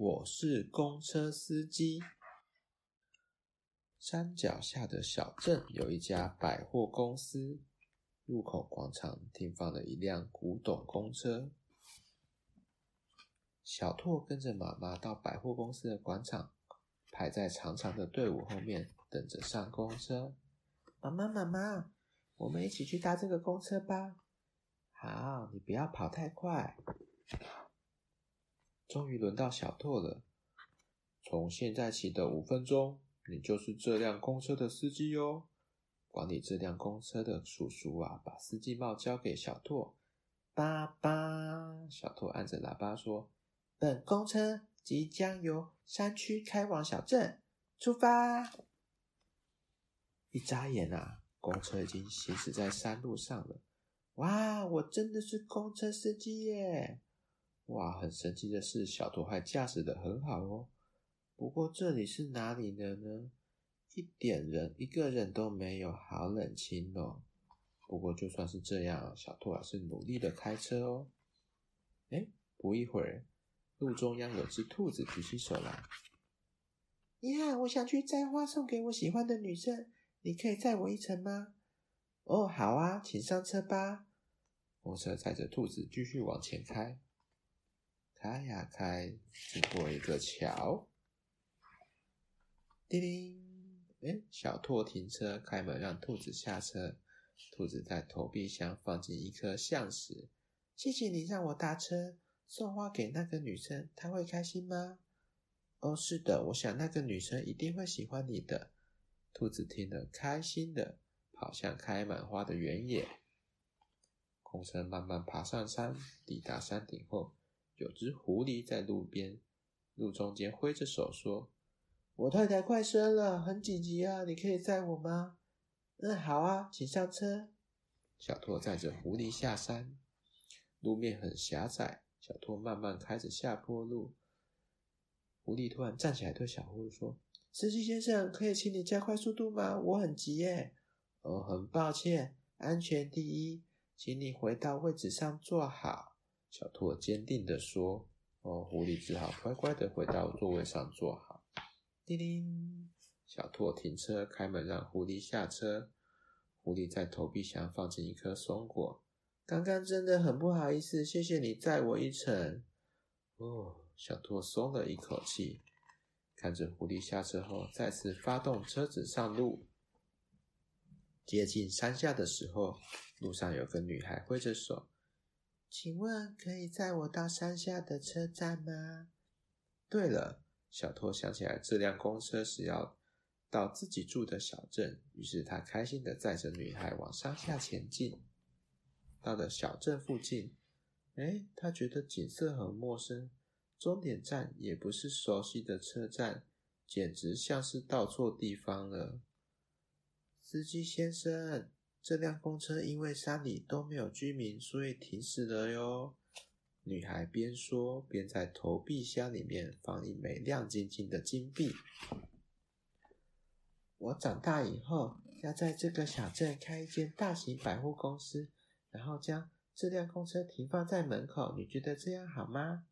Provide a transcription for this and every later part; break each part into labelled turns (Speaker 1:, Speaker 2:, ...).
Speaker 1: 我是公車司機。山腳下的小鎮有一家百貨公司，入口廣場停放了一輛古董公車。小拓跟着媽媽到百貨公司的廣場，排在長長的隊伍後面，等着上公車。媽媽，媽媽，我們一起去搭這個公車吧。好，你不要跑太快。終於輪到小拓了。從現在起的五分鐘，你就是這輛公車的司機喲、哦。管理這輛公車的叔叔啊，把司機帽交給小拓。叭叭，小拓按着喇叭說：“本公車即將由山區開往小鎮，出發。”一眨眼啊，公車已經行駛在山路上了。哇，我真的是公車司機耶！哇，很神奇的是，小兔還駕駛的很好哦。不過這裡是哪裡的呢？一點人，一個人都沒有，好冷清哦。不過就算是這樣，小兔還是努力的開車哦。哎，不一會兒，路中央有只兔子舉起手來：“你好，我想去摘花送給我喜歡的女生，你可以載我一程嗎？”哦，好啊，請上車吧。公車載着兔子繼續往前開。開呀、啊、開，經過一個橋。叮鈴，哎，小兔停車開門，讓兔子下車。兔子在投幣箱放進一顆橡石。謝謝你讓我搭車。送花給那個女生，她會開心嗎？哦，是的，我想那個女生一定會喜歡你的。兔子聽得開心的，跑向開滿花的原野。公車慢慢爬上山，抵達山頂後。有隻狐狸在路邊，路中間揮着手說：“我太太快生了，很緊急啊！你可以載我嗎？”“嗯，好啊，請上車。”小拓載着狐狸下山，路面很狹窄，小拓慢慢開着下坡路。狐狸突然站起來對小拓說：“司機先生，可以請你加快速度嗎？我很急耶！”“哦，很抱歉，安全第一，請你回到位置上坐好。”小兔堅定地說：“哦，狐狸只好乖乖的回到座位上坐好。”叮鈴，小兔停車開門，讓狐狸下車。狐狸在投幣箱放進一顆松果。“剛剛真的很不好意思，謝謝你載我一程。”哦，小兔鬆了一口氣，看着狐狸下車後，再次發動車子上路。接近山下的時候，路上有個女孩揮着手。請問可以載我到山下的車站嗎？對了，小托想起來，這輛公車是要到自己住的小鎮，於是他開心地載着女孩往山下前進。到了小鎮附近，誒，他覺得景色很陌生，終點站也不是熟悉的車站，簡直像是到錯地方了。司機先生。這輛公車因為山裡都沒有居民，所以停駛了喲。女孩邊說邊在投幣箱裡面放一枚亮晶晶的金幣。我長大以後要在這個小鎮開一間大型百貨公司，然後將這輛公車停放在門口。你覺得這樣好嗎？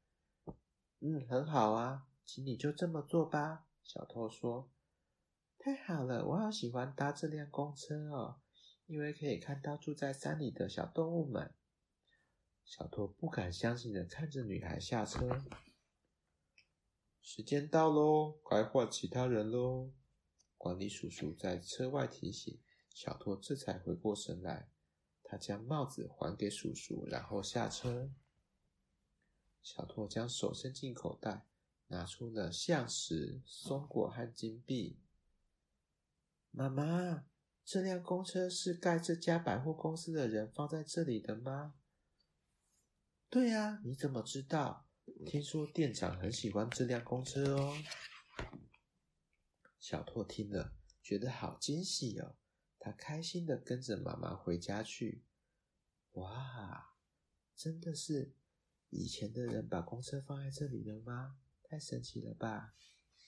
Speaker 1: 嗯，很好啊，請你就這麼做吧。小拓說：“太好了，我好喜歡搭這輛公車哦。”因為可以看到住在山裡的小動物們，小拓不敢相信的看着女孩下車。時間到嘍，該換其他人嘍。管理叔叔在車外提醒小拓，這才回過神來。他將帽子還給叔叔，然後下車。小拓將手伸進口袋，拿出了橡實、松果和金幣。媽媽。這輛公車是蓋這家百貨公司的人放在這裡的嗎？對呀，你怎麼知道？聽說店長很喜歡這輛公車哦。小拓聽了，覺得好驚喜哦，他開心的跟着媽媽回家去。哇，真的是以前的人把公車放在這裡了嗎？太神奇了吧！